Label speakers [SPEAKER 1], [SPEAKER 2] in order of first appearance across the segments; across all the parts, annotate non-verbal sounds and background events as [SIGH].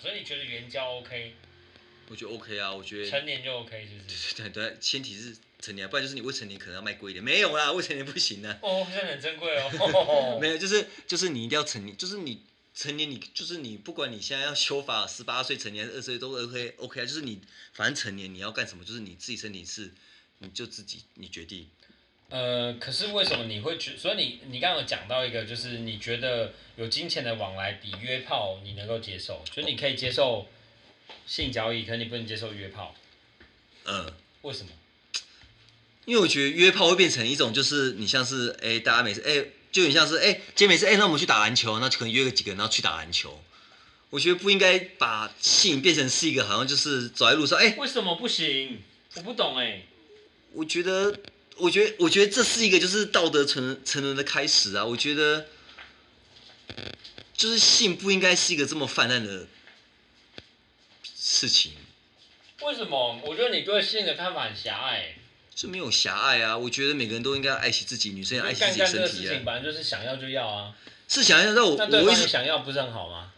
[SPEAKER 1] 所
[SPEAKER 2] 以你覺得援交 OK？我覺得 OK 啊，我覺得成年就 OK，就是，是不是？對對對，前提是成年，不然就是你未成年可能要賣貴一點，沒有啦，未成年不行的。
[SPEAKER 1] Oh, 哦，這
[SPEAKER 2] 樣很珍貴哦。沒有，就是就是你一定要成年，就是你成年你，你就是你，不管你現在要修法，十八歲成年、二十歲都 OK，OK 啊，就是你，反正成年你要幹什麼，就是你自己身體是，你就自己你決定。呃，可是為什麼你會
[SPEAKER 1] 覺？所以你你剛剛有講到一個，就是你覺得有金錢的往來比約炮你能夠接受，就是、你可以接受性交易，可是你不能接受約炮。嗯，
[SPEAKER 2] 為什麼？因為我覺得約炮會變成一種，就是你像是誒、欸，大家每次誒，就很像是誒，今天每次哎，那我們去打籃球，那就可能約個幾個人，然後去打籃球。我覺得不應該把性變成是一個好像就是走在路上誒，欸、為什麼不行？我不懂誒、欸，我覺得。我覺得，我覺得這是一個就是道德成，成人的開始啊！我覺得，就是性不應該是一個這麼氾濫的事情。為什麼？我覺得你對性的看法很
[SPEAKER 1] 狹
[SPEAKER 2] 隘。這沒有狹隘啊！我覺得每個人都應該愛惜自己，女生要愛惜自己身體啊。剛剛這個事情，
[SPEAKER 1] 反正就是想要
[SPEAKER 2] 就要啊。是想要，但我我對我想要不是很好嗎？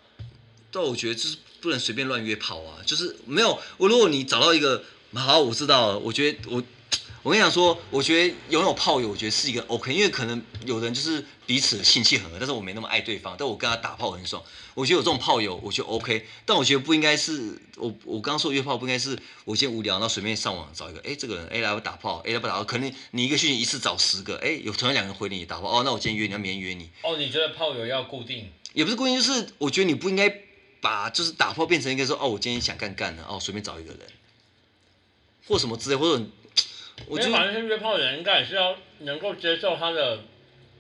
[SPEAKER 2] 但我覺得就是不能隨便亂約炮啊！就是沒有我，如果你找到一個，好，我知道了。我覺得我。我跟你講說，我覺得擁有炮友，我覺得是一個 OK，因為可能有人就是彼此的性氣很合，但是我沒那麼愛對方，但我跟他打炮很爽。我覺得有這種炮友，我覺得 OK。但我覺得不應該是我，我剛說約炮不應該是我先無聊，然後隨便上網找一個，哎、欸，這個人，哎、欸、來我打炮，哎、欸、來不打炮，可能你一個訊息一次找十個，哎、欸、有同樣兩個人回你打炮，哦那我今天約你，要明天約你。
[SPEAKER 1] 哦，你覺得炮友要固定？
[SPEAKER 2] 也不是固定，就是我覺得你不應該把就是打炮變成一個說，哦我今天想幹干的，哦隨便找一個人，或什麼之類，或者。
[SPEAKER 1] 沒，我覺得反正是約炮的人應該也是要能夠接受他的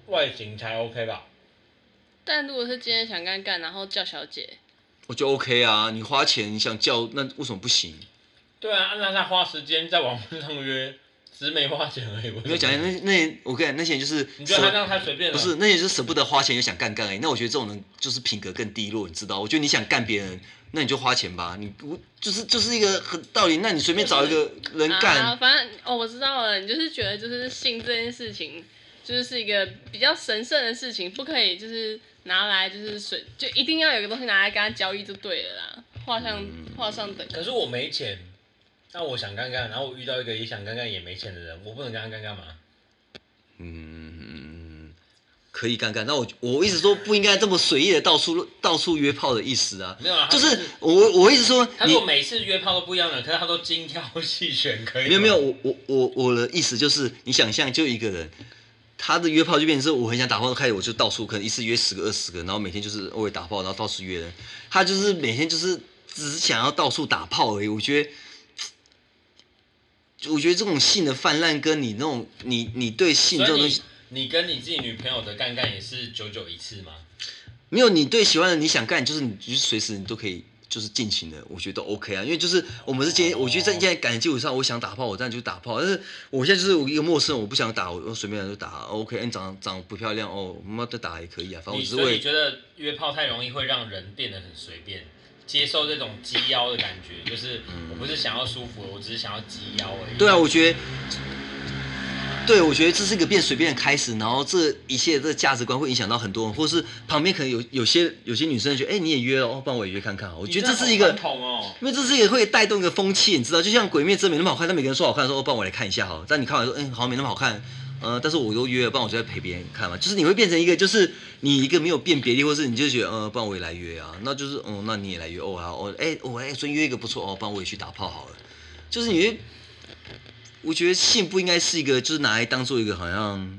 [SPEAKER 1] 外形才 OK 吧。
[SPEAKER 2] 但如果是今天想幹干，然後叫小姐，我就 OK 啊。你花錢，你想叫，那為什麼不行？
[SPEAKER 1] 對啊，那他花時間在網上約，只是沒花錢而已。沒有講，那那
[SPEAKER 2] 我跟你講，那些人就是你覺得他這樣太隨便了。不是，那些人就是捨不得花錢又想幹幹而已。那我覺得這種人就是品格更低落，你知道？我覺得你想幹別人。那你就花錢吧，你不就是就是一個很道理，那你隨便找一個人幹，就是啊。反正哦，我知道了，你就是覺得就是性這件事情，就是是一個比較神聖的事情，不可以就是拿來就是隨，就一定要有個東西拿來跟他交易就對了啦，畫上畫、嗯、上等。可是我
[SPEAKER 1] 沒錢，那我想幹干，然後我遇到一個也想幹幹也沒錢的人，我不能跟他幹幹嘛？嗯。嗯
[SPEAKER 2] 可以尷尬那我我一直說不應該這麼隨意的到處 [LAUGHS] 到處約炮的意思啊。沒有啊，就是、就是、我我一直說，他如果每
[SPEAKER 1] 次約炮都不一樣的，你可是他都精挑細選，可以。沒有沒
[SPEAKER 2] 有，我我我我的意思就是，你想象就一個人，他的約炮就變成是我很想打炮，開始我就到處，可能一次約十個、二十個，然後每天就是偶爾打炮，然後到處約人。他就是每天就是只是想要到處打炮而已。我覺得，我覺得這種性的泛濫跟你那種你你對性這種東西。
[SPEAKER 1] 你跟你自己女朋友的干幹也是久久一次嗎？
[SPEAKER 2] 沒有，你對喜歡的你想幹就是你隨時你都可以就是盡情的，我覺得 OK 啊，因為就是我們是接。Oh. 我覺得在現在感情基礎上，我想打炮我當然就打炮，但是我現在就是我一個陌生人，我不想打我隨便就打 OK，長長不漂亮哦，媽的打也可以啊，反正我是覺
[SPEAKER 1] 得約炮太容易會讓人變得很隨便，接受這種擠腰的感覺，就是我不是想要舒服，我只是想要擠腰而已。對啊，
[SPEAKER 2] 我覺得。對，我覺得這是一個變隨便的開始，然後這一切的價值觀會影響到很多人，或是旁邊可能有有些有些女生覺得，哎、欸，你也約了哦，幫我也約看看。我覺得這是一個因為這是也會帶動一個風氣，你知道，就像《鬼滅之刃》那麼好看，那每個人說好看，說哦，幫我來看一下好了。但你看完說，嗯，好像沒那麼好看，嗯、呃、但是我又約了，幫我在陪別人看嘛。就是你會變成一個，就是你一個沒有辨別力，或是你就覺得，呃，幫我也來約啊，那就是，哦，那你也來約哦,、啊、哦，哎，哦，哎，所以約一個不錯哦，幫我也去打炮好了，就是你。我覺得性不應該是一個，就是拿來當做一個好像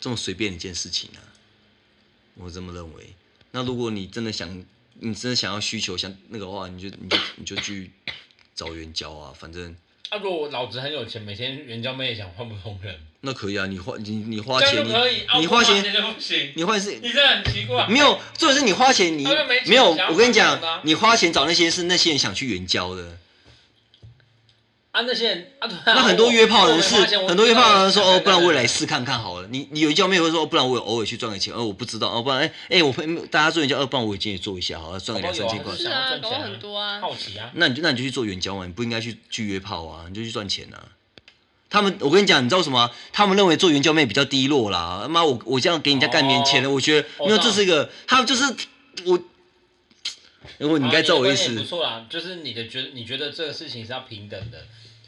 [SPEAKER 2] 這麼隨便一件事情啊，我這麼認為。那如果你真的想，你真的想要需求想那個的話，你就你就你就去找援交啊，反正。
[SPEAKER 1] 啊，我老子很有錢，每天援交妹也想換不
[SPEAKER 2] 同人。那可以啊，你花你你花錢，可以你、哦、你花錢，錢 [LAUGHS] 你換錢是，
[SPEAKER 1] 你這很奇怪。 [LAUGHS] 沒有，
[SPEAKER 2] 重點是你花錢，你、啊、沒，錢沒有。啊、我跟你講，你花錢找那些是那些人想去援交的。
[SPEAKER 1] 啊那些人啊，啊那很多約炮人士，的很多約
[SPEAKER 2] 炮的人說，對對對哦，不然我也來試看看好了。對對對，你你有援交妹會說哦，不然我也偶爾去賺個錢，而我不知道哦，不然哎哎、欸欸，我會，大家做援交二伴，啊、我已經也進去做一下，好了，賺個兩三千塊，啊、想賺錢、啊。啊、
[SPEAKER 1] 好很多啊，好奇啊。那你就
[SPEAKER 2] 那你就去做援交嘛，你不應該去去約炮啊，你就去賺錢吶、啊。他們，我跟你講，你知道什麼？他們認為做援交妹比較低落啦。他媽，我我這樣給你家幹面前，了、哦，我覺得，因為、哦、這是一個，他們就是我。如果你該揍我一次，不錯
[SPEAKER 1] 啦，就是你的覺得，你覺得這個事情是要平等的，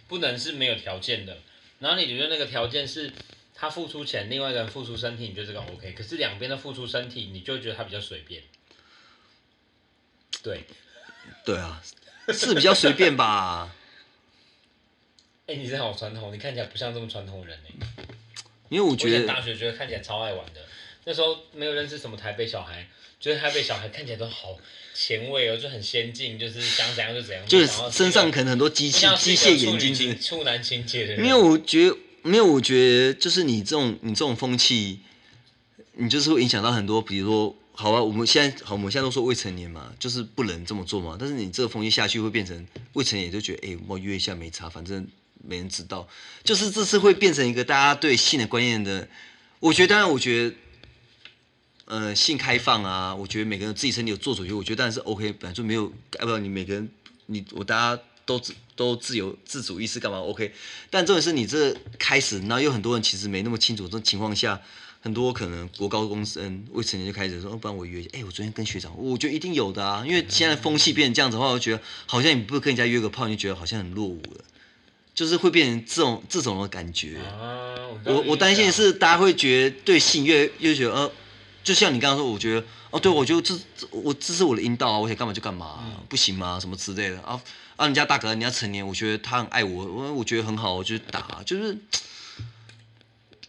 [SPEAKER 1] 不能是沒有條件的。然後你覺得那個條件是，他付出錢，另外一個人付出身體，你覺得這個 OK。可是兩邊都付出身體，你就會覺得他比較隨便。
[SPEAKER 2] 對，對啊，是比較隨便吧。哎
[SPEAKER 1] [LAUGHS] 欸，你是好傳統，你看起來不像這麼傳統人呢、欸。因為我覺得我大學覺得看起來超愛玩的，那時候沒有認識什麼台北小孩。就是台北小孩看起來都好前衛哦，就很先進，就是想怎樣就怎樣。就是就身上可能很多機器機械眼睛，情處男的沒有，我
[SPEAKER 2] 覺得沒有，我覺得就是你這種你這種風氣，你就是會影響到很多。比如說，好啊，我們現在好，我們現在都說未成年嘛，就是不能這麼做嘛。但是你這個風氣下去，會變成未成年就覺得哎、欸，我約一下沒差，反正沒人知道。就是這次會變成一個大家對性的觀念的。我覺得，當然，我覺得。呃、嗯，性開放啊，我覺得每個人自己身體有做主，我覺得當然是 OK，本來就沒有，啊、不，你每個人，你我大家都自都自由自主意識幹嘛 OK？但重點是你這開始，然後有很多人其實沒那麼清楚這種情況下，很多可能國高中生未成年就開始說，哦、不然我約，哎、欸，我昨天跟學長，我覺得一定有的啊，因為現在風氣變成這樣子的話，我覺得好像你不跟人家約個炮，你覺得好像很落伍了，就是會變成這種這種的感覺。啊、我我擔心是大家會覺得對性越越覺得呃。就像你剛剛說，我覺得哦，對，我覺得這這我這是我的陰道啊，我想幹嘛就幹嘛，啊，嗯、不行嗎？什麼之類的啊啊！啊人家大哥，人家成年，我覺得他很愛我，我我覺得很好，我就打，就是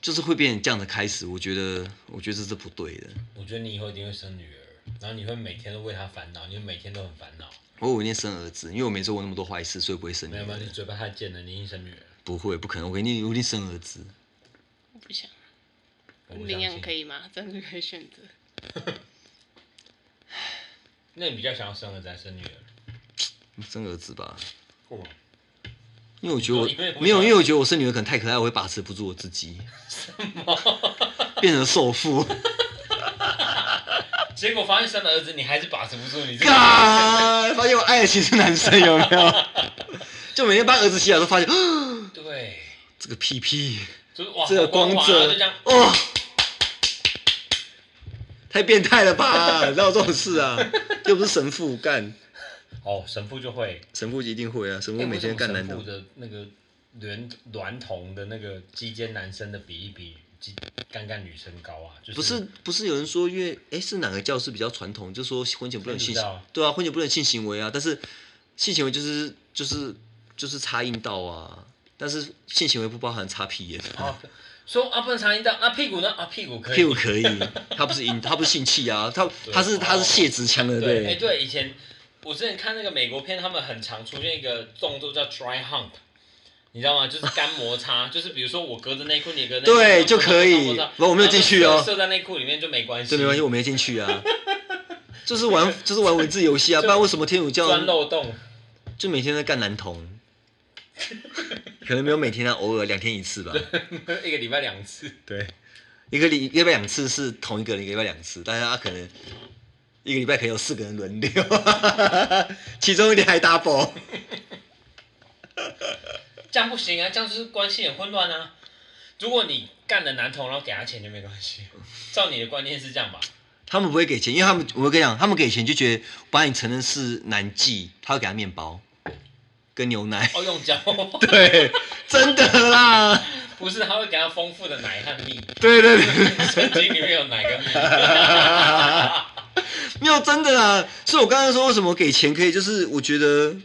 [SPEAKER 2] 就是會變成這樣的開始。我覺得，我覺得這是不對的。我覺得你以
[SPEAKER 1] 後一定會生女兒，然後你會每天都為她煩惱，你會每天都很煩
[SPEAKER 2] 惱。我一定生兒子，因為我沒做過那麼多壞事，所以不會生女兒。
[SPEAKER 1] 沒有嗎？你嘴巴太賤了，你一定生
[SPEAKER 2] 女兒。不會，不可能，我肯定我一定生兒子。我不想。領養可
[SPEAKER 1] 以嗎？真的可以選擇。 [LAUGHS] 那你比較想要生兒子還是
[SPEAKER 2] 生女兒？生兒子吧。哦、因為我覺得我沒有，哦、因為我覺得我生女兒可能太可愛，我會把持不住我自己。什麼？變成獸父。 [LAUGHS] [LAUGHS] 結
[SPEAKER 1] 果發現生的
[SPEAKER 2] 兒子，你還是把持不住你自己。啊！發現我愛的其實是男生，有沒有？ [LAUGHS] 就每天幫兒子洗澡都發現。對、啊。這個屁屁。
[SPEAKER 1] 哇這個光澤。
[SPEAKER 2] 太變態了吧、啊！然後，這種事啊？又不是神父幹。幹哦，神父就會。神父一定會啊！神父每天幹男、欸、的。
[SPEAKER 1] 那個男男同的那個基間男生的比一比基幹幹女生高啊！不、就是
[SPEAKER 2] 不是，不是有人說因為哎、欸，是哪個教室比較傳統？就說婚前不能性行。對啊，婚前不能性行為啊！但是性行為就是就是就是插陰道啊！但是性行為不包含擦屁眼。哦
[SPEAKER 1] 說阿不能長陰道，那屁股呢？啊，屁股可以，屁股可
[SPEAKER 2] 以。他不是陰，他不是性器啊，他他是他是泄殖腔的，對。哎，對，
[SPEAKER 1] 以前我之前看那個美國片，他們很常出現一個動作叫 dry hump，你知道嗎？就是乾摩擦，就是比如說我隔着內褲你隔着內褲，對，就可以。不，我沒有進去哦。射在內褲裡面就沒關係，沒關
[SPEAKER 2] 係，我沒進去啊。這是玩這是玩文字遊戲啊，不然為什麼天主教鑽漏洞？就每天在幹男童。可能沒有每天啊，偶爾兩天一次吧。 [LAUGHS] 一
[SPEAKER 1] 個禮拜兩次。
[SPEAKER 2] 對，一個禮，一個禮拜兩次是同一個人？一個禮拜兩次，但是他可能一個禮拜可以有四個人輪流， [LAUGHS] 其中一點還 double。 [LAUGHS] 這
[SPEAKER 1] 樣不行啊，這樣就是關係很混亂啊。如果你幹了男同然後給他錢就沒關係。照你的觀念是這樣吧？
[SPEAKER 2] 他們不會給錢，因為他們我跟你講，他們給錢就覺得把你承認是男妓，他會給他麵包。跟牛奶哦，用腳對，真的啦，不，不是，他會給
[SPEAKER 1] 他豐富的奶
[SPEAKER 2] 和蜜。對對對，聖經
[SPEAKER 1] [LAUGHS] 裡面有奶跟
[SPEAKER 2] 蜜， [LAUGHS] 沒有真的啦。所以，我剛剛說為什麼給錢可以，就是我覺得，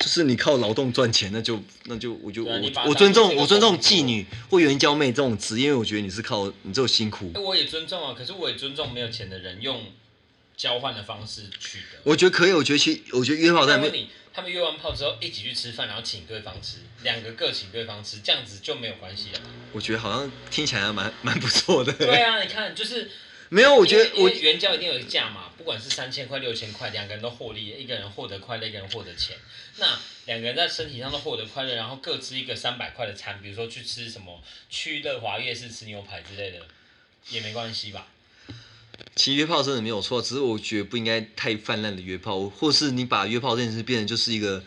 [SPEAKER 2] 就是你靠勞動賺錢，那就那就我就我尊重我尊重妓女或援交妹這種職業，因為我覺得你是靠你做辛苦、欸。
[SPEAKER 1] 我也尊重啊、喔，可是我也尊重沒有錢的人用。交換的方式取
[SPEAKER 2] 得。我覺得可以。我覺得去，我覺得約炮在他們，
[SPEAKER 1] 他們約完炮之後一起去吃飯，然後請對方吃，兩個各請對方吃，這樣子就沒有關係了。
[SPEAKER 2] 我覺得好像聽起來還蠻蠻不錯的。對啊，你看，就是沒有，我覺得我因為因為
[SPEAKER 1] 援交一定有個價嘛，不管是三千塊、六千塊，兩個人都獲利，一個人獲得快樂，一個人獲得錢。那兩個人在身體上都獲得快樂，然後各吃一個三百塊的餐，比如說去吃什麼，去樂華夜市吃牛排之類的，也沒關係吧。
[SPEAKER 2] 其實約炮真的沒有錯，只是我覺得不應該太泛濫的約炮，或是你把約炮這件事變成就是一個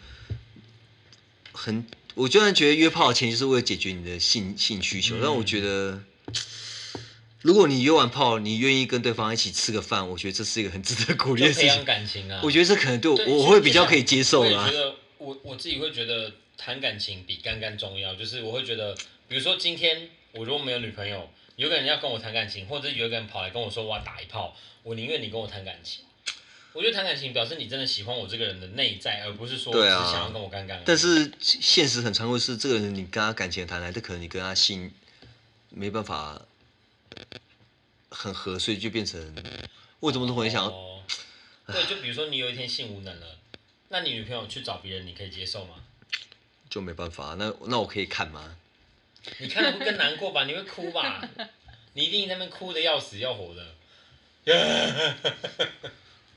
[SPEAKER 2] 很……我居然覺得約炮的前提是為了解決你的性性需求，但我覺得如果你約完炮，你願意跟對方一起吃個飯，我覺得這是一個很值得鼓勵的事情，培養感情啊，我覺得這可能對我對我會比較可以接受啦、啊。我覺
[SPEAKER 1] 得我我自己會覺得談感情比幹幹重要，就是我會覺得，比如說今天我如果沒有女朋友。有個人要跟我談感情，或者有個人跑來跟我說，我要打一炮，我寧願你跟我談感情。我覺得談感情表示你真的喜歡我這個人的內在，而不是說是想要跟我幹幹、啊。但是
[SPEAKER 2] 現實很常會是，這個人你跟他感情談來，但可能你跟他性沒辦法很合，所以就變成為什麼都會想要？Oh、 [LAUGHS]
[SPEAKER 1] 對，就比如說你有一天性無能了， [LAUGHS] 那你女朋友去找別人，你可以接受嗎？
[SPEAKER 2] 就沒辦法，那那我可以看嗎？
[SPEAKER 1] 你看不更難過吧？你會哭吧？你一定在那邊哭的要死要活的。
[SPEAKER 2] Yeah!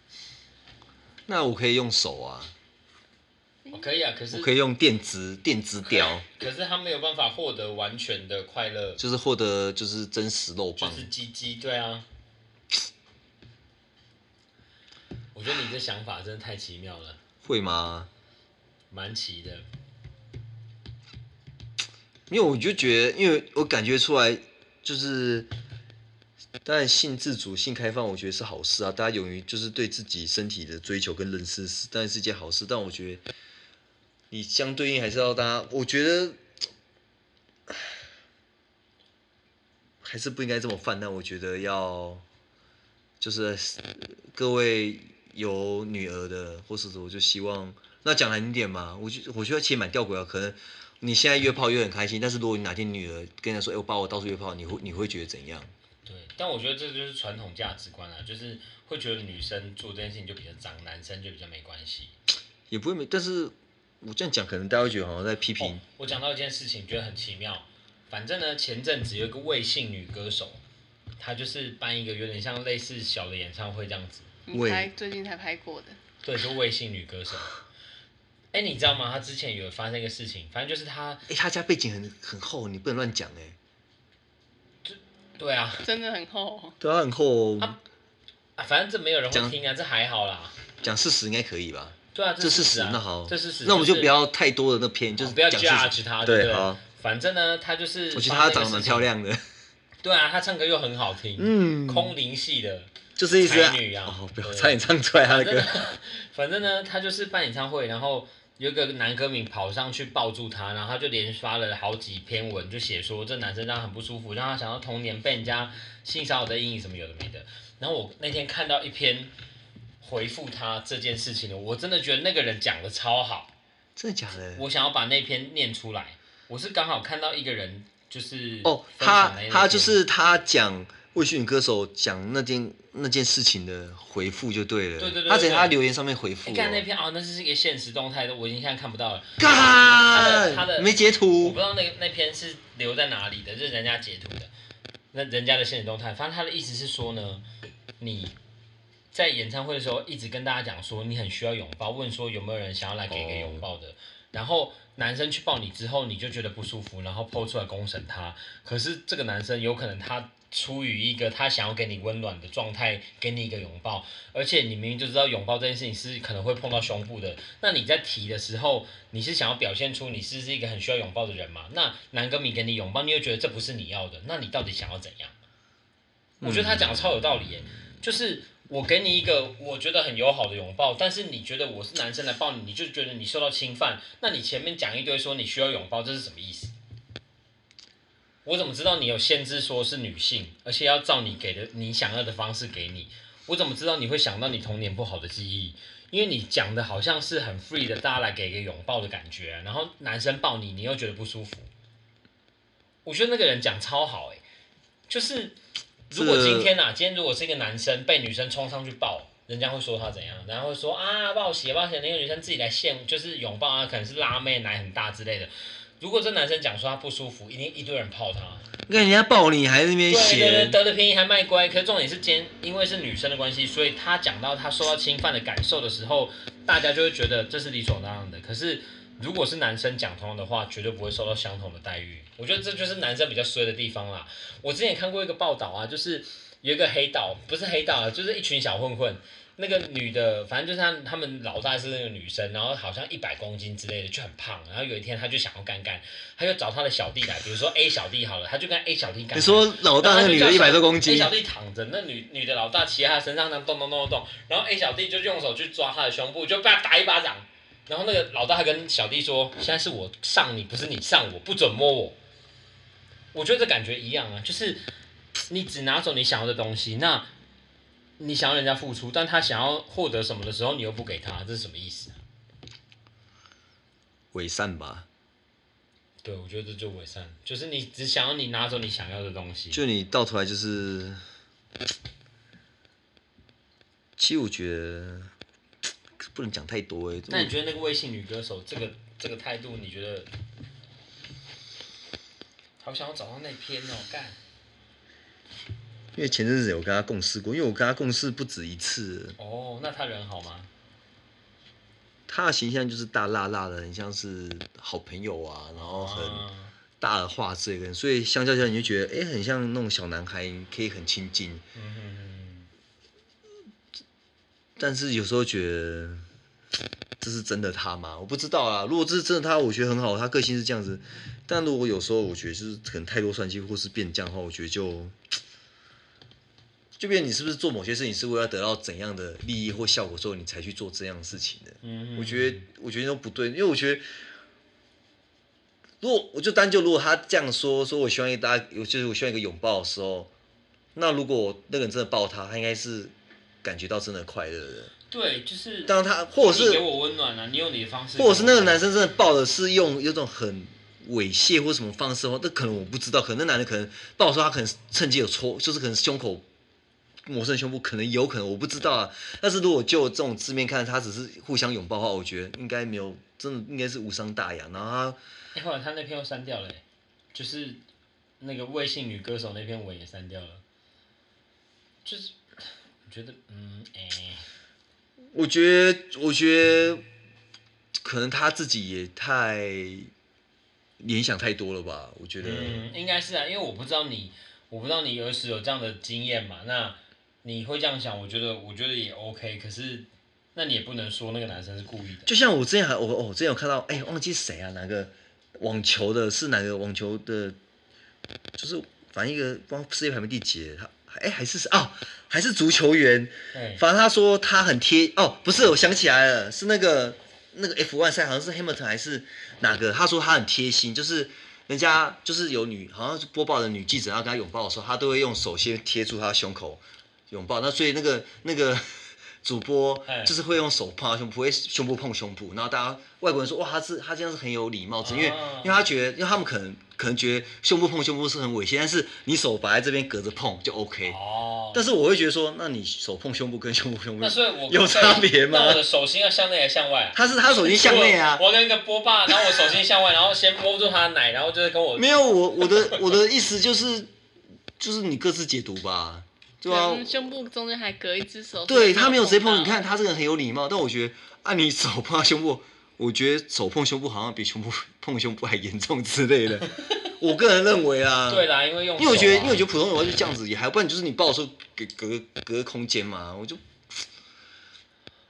[SPEAKER 2] [LAUGHS] 那我可以用手啊，
[SPEAKER 1] 我可以啊，可是我可以
[SPEAKER 2] 用電子電子表。
[SPEAKER 1] 可是他沒有辦法獲得完全的快樂。就
[SPEAKER 2] 是獲得就是真實肉棒。就是
[SPEAKER 1] 雞雞，對啊。 [COUGHS] 我覺得你的想法真的太奇妙了。會嗎？蠻奇的。
[SPEAKER 2] 因為我就覺得，因為我感覺出來，就是當然性自主、性開放，我覺得是好事啊。大家勇於就是對自己身體的追求跟認識，但是是件好事。但我覺得，你相對應還是要大家，我覺得還是不應該這麼泛濫。我覺得要就是各位有女兒的，或是說我就希望那講難聽點嘛。我覺我覺得其實蠻吊詭啊，可能。你現在約炮又很開心，但是如果你哪天女兒跟她說：“哎、欸，我爸我到處約炮”，你會你會覺得怎樣？
[SPEAKER 1] 對，但我覺得這就是傳統價值觀啊，就是會覺得女生做這件事情就比較髒，男生就比較沒關係。
[SPEAKER 2] 也不會沒，但是我這樣講可能大家會覺得好像在批評、
[SPEAKER 1] 哦。我講到一件事情，覺得很奇妙。反正呢，前陣子有一個魏姓女歌手，她就是辦一個有點像類似小的演唱會這樣子。你拍，
[SPEAKER 2] 最近才拍過的。
[SPEAKER 1] 對，是魏姓女歌手。哎，你知道嗎？他之前有發生一個事情，反正就
[SPEAKER 2] 是他。哎，他家背景很很厚，你不能亂講哎。
[SPEAKER 1] 對
[SPEAKER 2] 啊，真的很厚。對他很厚。啊，
[SPEAKER 1] 反正這沒有人會聽啊，這還好啦。
[SPEAKER 2] 講事實應該可以吧？對啊，這事實。那好，這事實。那我們就不要太多的那片，就是不要 judge 他。對啊。
[SPEAKER 1] 反正呢，他就是，我覺得他長得蠻漂亮的。對啊，他唱歌又很好聽，嗯，空靈系的。
[SPEAKER 2] 就是才女啊！哦，不要差點唱出來他的歌。
[SPEAKER 1] 反正呢，他就是辦演唱會，然後。有個男歌迷跑上去抱住他，然後他就連發了好幾篇文，就寫說這男生讓他很不舒服，讓他想到童年被人家性騷擾的陰影什麼有的沒的。然後我那天看到一篇回復他這件事情，我真的覺得那個人講得超好。
[SPEAKER 2] 真的假的？
[SPEAKER 1] 我想要把那篇念出來。我是剛好看到一個人，就是哦，他他就
[SPEAKER 2] 是他講。《我是歌手》講那件那件事情的回覆就對了，對對對對他在他留言上面回覆、哦。你看、欸、那
[SPEAKER 1] 篇啊、哦，那是一個限時動態的，我已經現在看不到了。幹他的
[SPEAKER 2] 他的沒截圖，我不知
[SPEAKER 1] 道那個那篇是留在哪裡的，就是人家截圖的，那人家的限時動態。反正他的意思是說呢，你在演唱會的時候一直跟大家講說你很需要擁抱，問說有沒有人想要來給個擁抱的。Oh. 然後男生去抱你之後，你就覺得不舒服，然後拋出來公審他。可是這個男生有可能他。出於一個他想要給你溫暖的狀態，給你一個擁抱，而且你明明就知道擁抱這件事情是可能會碰到胸部的，那你在提的時候，你是想要表現出你是，是一個很需要擁抱的人嗎？那男歌迷給你擁抱，你又覺得這不是你要的，那你到底想要怎樣？嗯，我覺得他講的超有道理耶，就是我給你一個我覺得很友好的擁抱，但是你覺得我是男生來抱你，你就覺得你受到侵犯，那你前面講一堆說你需要擁抱，這是什麼意思？我怎麼知道你有限制說是女性，而且要照你給的你想要的方式給你？我怎麼知道你會想到你童年不好的記憶？因為你講的好像是很 free 的，大家來給一個擁抱的感覺，然後男生抱你，你又覺得不舒服。我覺得那個人講超好誒。就是
[SPEAKER 2] 如果今天
[SPEAKER 1] 啊，是今天如果是一個男生被女生衝上去抱，人家會說他怎樣？然後會說啊，抱歉抱歉，那個女生自己來獻，就是擁抱啊，可能是辣妹奶很大之類的。如果這男生講說他不舒服，一定一堆人泡他，那
[SPEAKER 2] 人家抱你還那邊嫌，對對對，得
[SPEAKER 1] 了便宜還賣乖。可是重點是，兼因為是女生的關係，所以他講到他受到侵犯的感受的時候，大家就會覺得這是理所當然的。可是如果是男生講通的話，絕對不會受到相同的待遇。我覺得這就是男生比較衰的地方啦。我之前也看過一個報道啊，就是有一個黑道，不是黑道，啊，就是一群小混混。那個女的，反正就是他，他們老大是那個女生，然後好像一百公斤之類的，就很胖，然後有一天他就想要幹幹，他就找他的小弟來，比如說 A 小弟好了，他就跟 A 小弟幹。你說老大和女的一百多公斤。A 小弟躺着，那女女的老大騎在他身上，這樣咚咚咚咚咚咚，然後 A 小弟就用手去抓他的胸部，就被他打一巴掌。然後那個老大還跟小弟說，現在是我上你，不是你上我，不准摸我。我覺得這感覺一樣啊，就是你只拿走你想要的東西，那。你想要人家付出，但他想要獲得什麼的時候，你又不給他，這是什麼意思啊？
[SPEAKER 2] 偽善吧。對，我覺得這
[SPEAKER 1] 就偽善，就是你只想要你拿走你想要的東西。就
[SPEAKER 2] 你到頭來就是，其實我覺得不能講太多哎。那你覺得那個
[SPEAKER 1] 微信女歌手這個這個態度，你覺得？好想要找到那篇哦，幹！
[SPEAKER 2] 因為前陣子有跟他共事過，因為我跟他共事不止一次。哦，oh,
[SPEAKER 1] 那他人好嗎？
[SPEAKER 2] 他的形象就是大辣辣的，很像是好朋友啊，然後很大的話這個人，Wow. 所以相較下你就覺得，哎、欸，很像那種小男孩，可以很親近。Mm hmm. 但是有時候覺得，這是真的他嗎？我不知道啊。如果這是真的他，我覺得很好，他個性是這樣子。但如果有時候我覺得就是可能太多算計或是變相的話，我覺得就。就變你是不是做某些事情是為了得到怎樣的利益或效果之後你才去做這樣的事情的？嗯嗯嗯，我覺得我覺得都不對，因為我覺得如果我就單就如果他這樣說說，我希望大家尤就是我希望一個擁抱的時候，那如果那個人真的抱他，他應該是感覺到真的快樂的。對，就是
[SPEAKER 1] 當他或者是給我溫暖啊，你用你的方式，或者是那個男
[SPEAKER 2] 生真的抱的是用一種很猥褻或什麼方式的話，或那可能我不知道，可能那男的可能抱的時候他可能趁機有抽，就是可能胸口。陌生人胸部可能，有可能我不知道啊，但是如果就這種字面看，他只是互相擁抱的話，我覺得應該沒有，真的應該是無傷大雅。然後，哎、欸，
[SPEAKER 1] 後來他那篇又刪掉、欸就是、掉
[SPEAKER 2] 了，就是那個微信女歌手那篇文也刪掉了，就
[SPEAKER 1] 是我覺得，嗯，
[SPEAKER 2] 哎、欸，我覺得，我覺得可能他自己也太聯想太多了吧？我覺得，嗯，
[SPEAKER 1] 應該是啊，因為我不知道你，我不知道你兒時有這樣的經驗嘛？那。你會這樣想，我覺得我覺得也 OK，可是那你也不能說那個男生是故意
[SPEAKER 2] 的。就像我之前，還，我我之前有看到，哎、欸，忘記誰啊？哪個網球的？是哪個網球的？就是反正一個，光世界排名第幾？他、欸、哎還是哦，還是足球員。欸、反正他說他很貼哦，不是，我想起來了，是那個那個 F1 賽，好像是 Hamilton 還是哪個？他說他很貼心，就是人家就是有女，好像是播報的女記者，要跟他擁抱的時候，他都會用手先貼住他胸口。擁抱，那所以那個那個主播就是會用手碰胸部，不會胸部碰胸部。然後大家外國人說，哇，他是他這樣是很有禮貌，因為因為他覺得，因為他們可能可能覺得胸部碰胸部是很猥褻，但是你手擺在這邊隔着碰就 OK。哦。但是我會覺得說，那你手碰胸部跟胸部胸部有差別嗎？我，我的手心要向內還是向
[SPEAKER 1] 外啊？他是他手心向內啊。我跟一個波霸，然後我手心向外， [LAUGHS] 然後先撥住他的奶，然後就是跟我。沒有
[SPEAKER 2] 我我的我的意思就是就是你各自解讀吧。對啊，對胸部中間還隔一隻手，對沒，他沒有直接碰。你看他這個人很有禮貌，但我覺得啊，你手碰胸部，我覺得手碰胸部好像比胸部碰胸部還嚴重之類的。 [LAUGHS] 我個人認為啊，對啦，因為用、啊、因為我覺得，因為我覺得普通人的話就這樣子也還，不然就是你抱的時候給隔隔隔空間嘛。我就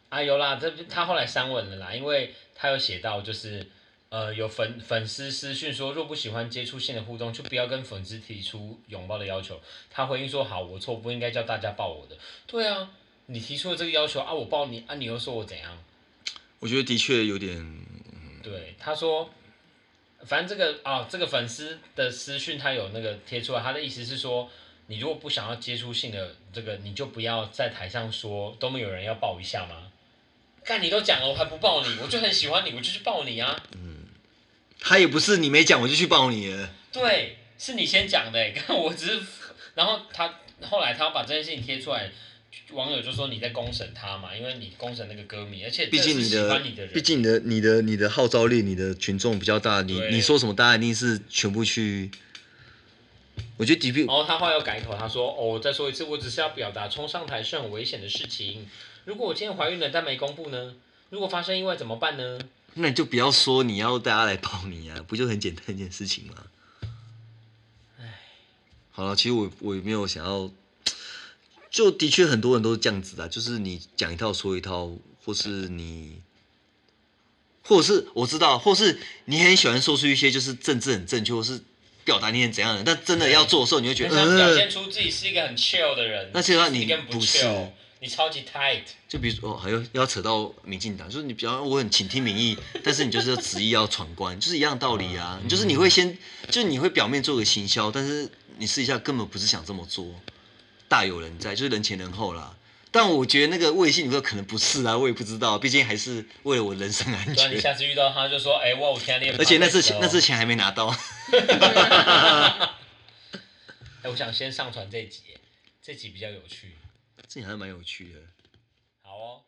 [SPEAKER 1] 啊，有啦，這他後來刪文了啦，因為他有寫到就是。呃，有粉粉絲私訊說，若不喜歡接觸性的互動，就不要跟粉絲提出擁抱的要求。他回應說：好，我錯，不應該叫大家抱我的。對啊，你提出了這個要求啊，我抱你啊，你又說我怎樣？
[SPEAKER 2] 我覺得的確有點。
[SPEAKER 1] 對，他說，反正這個啊，這個粉絲的私訊他有那個貼出來，他的意思是說，你如果不想要接觸性的這個，你就不要在台上說都沒有人要抱一下嗎？幹，你都講了，我還不抱你？我就很喜歡你，我就去抱你啊。
[SPEAKER 2] 他也不是你沒講我就去抱你了，
[SPEAKER 1] 對，是你先講的，看我只是，然後他後來他要把這件事情貼出來，網友就說你在公審他嘛，因為你公審那個歌迷，而且畢竟你的，畢竟
[SPEAKER 2] 你的你的你的，你的號召力，你的群眾比較大，你對你說什麼大家一定是全部去，我覺得底然、
[SPEAKER 1] oh, 後他話要改口，他說哦，我再說一次，我只是要表達衝上台是很危險的事情，如果我今天懷孕了但沒公布呢？如果發生意外怎麼辦呢？
[SPEAKER 2] 那你就不要說你要大家來抱你啊，不就很簡單一件事情嗎？哎唉，好了，其實我我也沒有想要，就的確很多人都是這樣子的，就是你講一套說一套，或是你，或是我知道，或是你很喜歡說出一些就是政治很正確或是表達你很怎樣的，但真的要做的時候，你會覺得表現出
[SPEAKER 1] 自己是一個很 chill 的人，呃、那其實你，你不是。不是
[SPEAKER 2] 你超級 tight，就比如說哦，還要要扯到民進黨，就是你比較，比方我很傾聽民意，但是你就是要執意要闖關，就是一樣的道理啊。 [LAUGHS] 就是你會先，就你會表面做個行銷，但是你私底下根本不是想這麼做，大有人在，就是人前人後啦。但我覺得那個微信說可能不是啊，我也不知道，畢竟還是為了我人身安全。那你下
[SPEAKER 1] 次遇到他就說，哎，哇，我天咧！而且那次那次
[SPEAKER 2] 錢還沒拿到。 [LAUGHS] [LAUGHS]
[SPEAKER 1] 哎，我想先上傳這集，這集比較有趣。
[SPEAKER 2] 這還蠻有趣的，好哦。